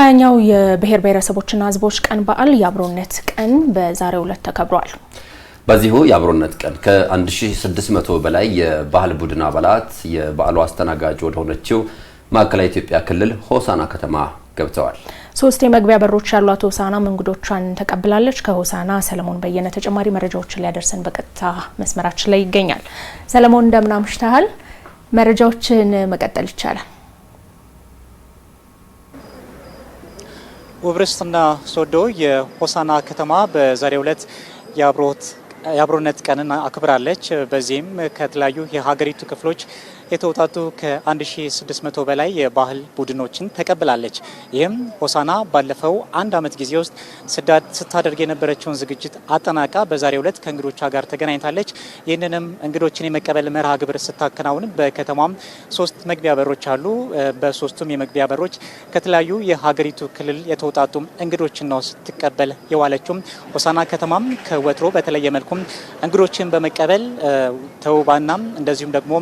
ሀያኛው የብሔር ብሔረሰቦችና ህዝቦች ቀን በዓል የአብሮነት ቀን በዛሬው ዕለት ተከብሯል። በዚሁ የአብሮነት ቀን ከ1600 በላይ የባህል ቡድን አባላት የበዓሉ አስተናጋጅ ወደ ሆነችው ማዕከላዊ ኢትዮጵያ ክልል ሆሳና ከተማ ገብተዋል። ሶስት የመግቢያ በሮች ያሏት ሆሳናም እንግዶቿን ተቀብላለች። ከሆሳና ሰለሞን በየነ ተጨማሪ መረጃዎችን ሊያደርሰን በቀጥታ መስመራችን ላይ ይገኛል። ሰለሞን እንደምን አምሽተሃል? መረጃዎችን መቀጠል ይቻላል። ውብርስትና ሶዶ የሆሳና ከተማ በዛሬው ዕለት የአብሮነት ቀንን አክብራለች። በዚህም ከተለያዩ የሀገሪቱ ክፍሎች የተውጣጡ ከ1600 በላይ የባህል ቡድኖችን ተቀብላለች። ይህም ሆሳና ባለፈው አንድ ዓመት ጊዜ ውስጥ ስታደርግ የነበረችውን ዝግጅት አጠናቃ በዛሬው ዕለት ከእንግዶቿ ጋር ተገናኝታለች። ይህንንም እንግዶችን የመቀበል መርሃ ግብር ስታከናውን በከተማም ሶስት መግቢያ በሮች አሉ። በሶስቱም የመግቢያ በሮች ከተለያዩ የሀገሪቱ ክልል የተውጣጡ እንግዶችን ነው ስትቀበል የዋለችው። ሆሳና ከተማም ከወትሮ በተለየ መልኩም እንግዶችን በመቀበል ተውባናም እንደዚሁም ደግሞ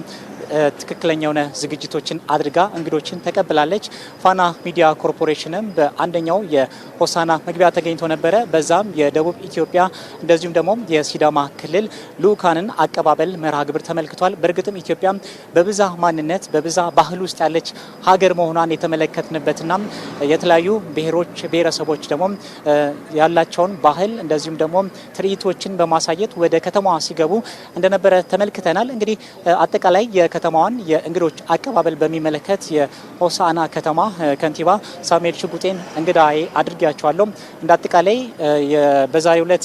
ትክክለኛ የሆነ ዝግጅቶችን አድርጋ እንግዶችን ተቀብላለች። ፋና ሚዲያ ኮርፖሬሽንም በአንደኛው የሆሳና መግቢያ ተገኝቶ ነበረ። በዛም የደቡብ ኢትዮጵያ እንደዚሁም ደግሞ የሲዳማ ክልል ልዑካንን አቀባበል መርሃ ግብር ተመልክቷል። በእርግጥም ኢትዮጵያ በብዛ ማንነት በብዛ ባህል ውስጥ ያለች ሀገር መሆኗን የተመለከትንበትና የተለያዩ ብሔሮች ብሔረሰቦች ደግሞ ያላቸውን ባህል እንደዚሁም ደግሞ ትርኢቶችን በማሳየት ወደ ከተማዋ ሲገቡ እንደነበረ ተመልክተናል። እንግዲህ አጠቃላይ የከተማዋን የእንግዶች አቀባበል በሚመለከት የሆሳና ከተማ ከንቲባ ሳሙኤል ሽጉጤን እንግዳ አድርጌያቸዋለሁ። እንደ አጠቃላይ በዛሬ ዕለት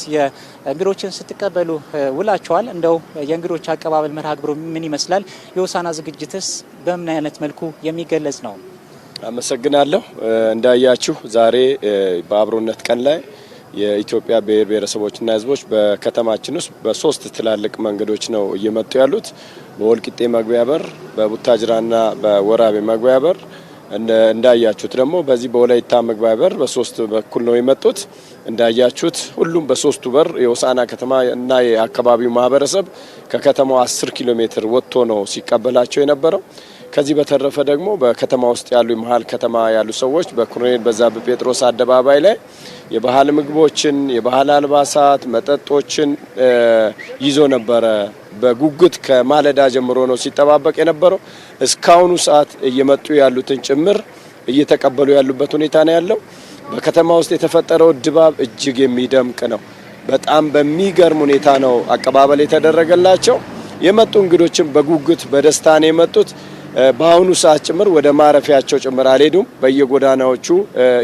እንግዶችን ስትቀበሉ ውላቸዋል። እንደው የእንግዶች አቀባበል መርሃ ግብሩ ምን ይመስላል? የሆሳና ዝግጅትስ በምን አይነት መልኩ የሚገለጽ ነው? አመሰግናለሁ። እንዳያችሁ ዛሬ በአብሮነት ቀን ላይ የኢትዮጵያ ብሔር ብሔረሰቦችና ሕዝቦች በከተማችን ውስጥ በሶስት ትላልቅ መንገዶች ነው እየመጡ ያሉት። በወልቂጤ መግቢያ በር፣ በቡታጅራና በወራቤ መግቢያ በር እንዳያችሁት ደግሞ በዚህ በወላይታ መግቢያ በር በሶስት በኩል ነው የመጡት። እንዳያችሁት ሁሉም በሶስቱ በር የሆሳዕና ከተማ እና የአካባቢው ማህበረሰብ ከከተማው አስር ኪሎ ሜትር ወጥቶ ነው ሲቀበላቸው የነበረው። ከዚህ በተረፈ ደግሞ በከተማ ውስጥ ያሉ የመሀል ከተማ ያሉ ሰዎች በኮሎኔል በዛብህ ጴጥሮስ አደባባይ ላይ የባህል ምግቦችን፣ የባህል አልባሳት፣ መጠጦችን ይዞ ነበረ። በጉጉት ከማለዳ ጀምሮ ነው ሲጠባበቅ የነበረው። እስካሁኑ ሰዓት እየመጡ ያሉትን ጭምር እየተቀበሉ ያሉበት ሁኔታ ነው ያለው። በከተማ ውስጥ የተፈጠረው ድባብ እጅግ የሚደምቅ ነው። በጣም በሚገርም ሁኔታ ነው አቀባበል የተደረገላቸው። የመጡ እንግዶችን በጉጉት በደስታ ነው የመጡት። በአሁኑ ሰዓት ጭምር ወደ ማረፊያቸው ጭምር አልሄዱም። በየጎዳናዎቹ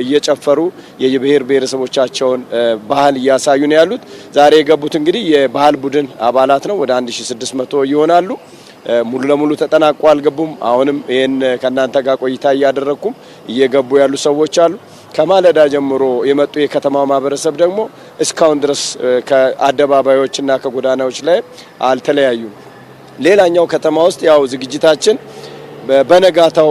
እየጨፈሩ የብሔር ብሔረሰቦቻቸውን ባህል እያሳዩ ነው ያሉት። ዛሬ የገቡት እንግዲህ የባህል ቡድን አባላት ነው። ወደ 1600 ይሆናሉ። ሙሉ ለሙሉ ተጠናቆ አልገቡም። አሁንም ይህን ከእናንተ ጋር ቆይታ እያደረግኩም እየገቡ ያሉ ሰዎች አሉ። ከማለዳ ጀምሮ የመጡ የከተማው ማህበረሰብ ደግሞ እስካሁን ድረስ ከአደባባዮችና ከጎዳናዎች ላይ አልተለያዩም። ሌላኛው ከተማ ውስጥ ያው ዝግጅታችን በነጋታው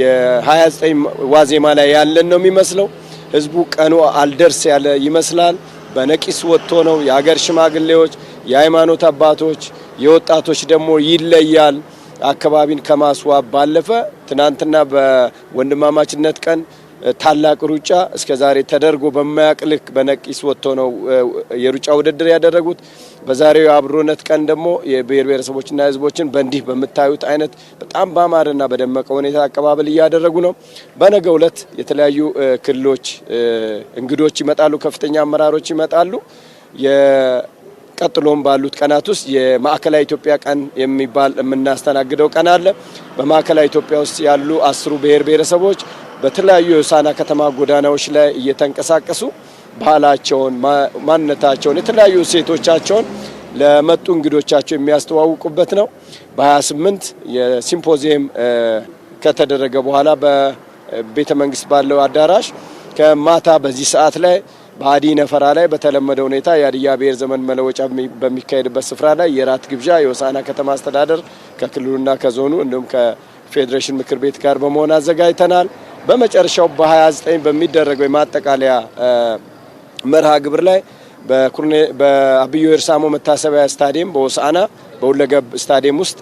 የ29 ዋዜማ ላይ ያለን ነው የሚመስለው። ህዝቡ ቀኑ አልደርስ ያለ ይመስላል። በነቂስ ወጥቶ ነው። የሀገር ሽማግሌዎች፣ የሃይማኖት አባቶች፣ የወጣቶች ደግሞ ይለያል። አካባቢን ከማስዋብ ባለፈ ትናንትና በወንድማማችነት ቀን ታላቅ ሩጫ እስከዛሬ ተደርጎ በማያቅ ልክ በነቂስ ወጥቶ ነው የሩጫ ውድድር ያደረጉት። በዛሬው የአብሮነት ቀን ደግሞ የብሔር ብሔረሰቦችና ሕዝቦችን በእንዲህ በምታዩት አይነት በጣም በአማረና በደመቀ ሁኔታ አቀባበል እያደረጉ ነው። በነገ ዕለት የተለያዩ ክልሎች እንግዶች ይመጣሉ፣ ከፍተኛ አመራሮች ይመጣሉ። ቀጥሎም ባሉት ቀናት ውስጥ የማዕከላዊ ኢትዮጵያ ቀን የሚባል የምናስተናግደው ቀን አለ። በማዕከላዊ ኢትዮጵያ ውስጥ ያሉ አስሩ ብሔር ብሔረሰቦች በተለያዩ የሆሳዕና ከተማ ጎዳናዎች ላይ እየተንቀሳቀሱ ባህላቸውን፣ ማንነታቸውን፣ የተለያዩ እሴቶቻቸውን ለመጡ እንግዶቻቸው የሚያስተዋውቁበት ነው። በ28 የሲምፖዚየም ከተደረገ በኋላ በቤተ መንግስት ባለው አዳራሽ ከማታ በዚህ ሰዓት ላይ በአዲ ነፈራ ላይ በተለመደ ሁኔታ የአድያ ብሔር ዘመን መለወጫ በሚካሄድበት ስፍራ ላይ የራት ግብዣ የወሳና ከተማ አስተዳደር ከክልሉና ከዞኑ እንዲሁም ከፌዴሬሽን ምክር ቤት ጋር በመሆን አዘጋጅተናል። በመጨረሻው በ29 በሚደረገው የማጠቃለያ መርሃ ግብር ላይ በአብዮ ኤርሳሞ መታሰቢያ ስታዲየም በወሳና በሁለገብ ስታዲየም ውስጥ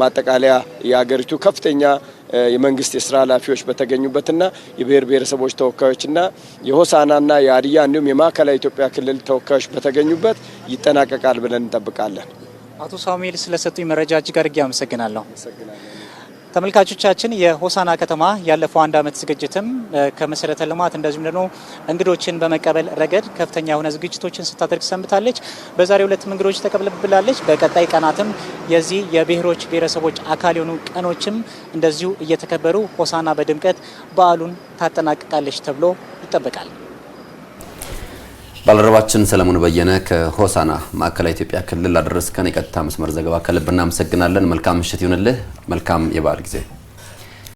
ማጠቃለያ የሀገሪቱ ከፍተኛ የመንግስት የስራ ኃላፊዎች በተገኙበትና የብሔር ብሔረሰቦች ተወካዮችና የሆሳናና የአድያ እንዲሁም የማዕከላዊ ኢትዮጵያ ክልል ተወካዮች በተገኙበት ይጠናቀቃል ብለን እንጠብቃለን። አቶ ሳሙኤል ስለሰጡኝ መረጃ እጅግ አድርጌ አመሰግናለሁ። ተመልካቾቻችን የሆሳና ከተማ ያለፈው አንድ ዓመት ዝግጅትም ከመሰረተ ልማት እንደዚሁም ደግሞ እንግዶችን በመቀበል ረገድ ከፍተኛ የሆነ ዝግጅቶችን ስታደርግ ሰንብታለች። በዛሬው ዕለትም እንግዶች ተቀብላለች። በቀጣይ ቀናትም የዚህ የብሔሮች ብሔረሰቦች አካል የሆኑ ቀኖችም እንደዚሁ እየተከበሩ ሆሳና በድምቀት በዓሉን ታጠናቅቃለች ተብሎ ይጠበቃል። ባልደረባችን ሰለሞን በየነ ከሆሳና ማዕከላዊ ኢትዮጵያ ክልል አደረስከን የቀጥታ መስመር ዘገባ ከልብ እናመሰግናለን። መልካም ምሽት ይሁንልህ። መልካም የበዓል ጊዜ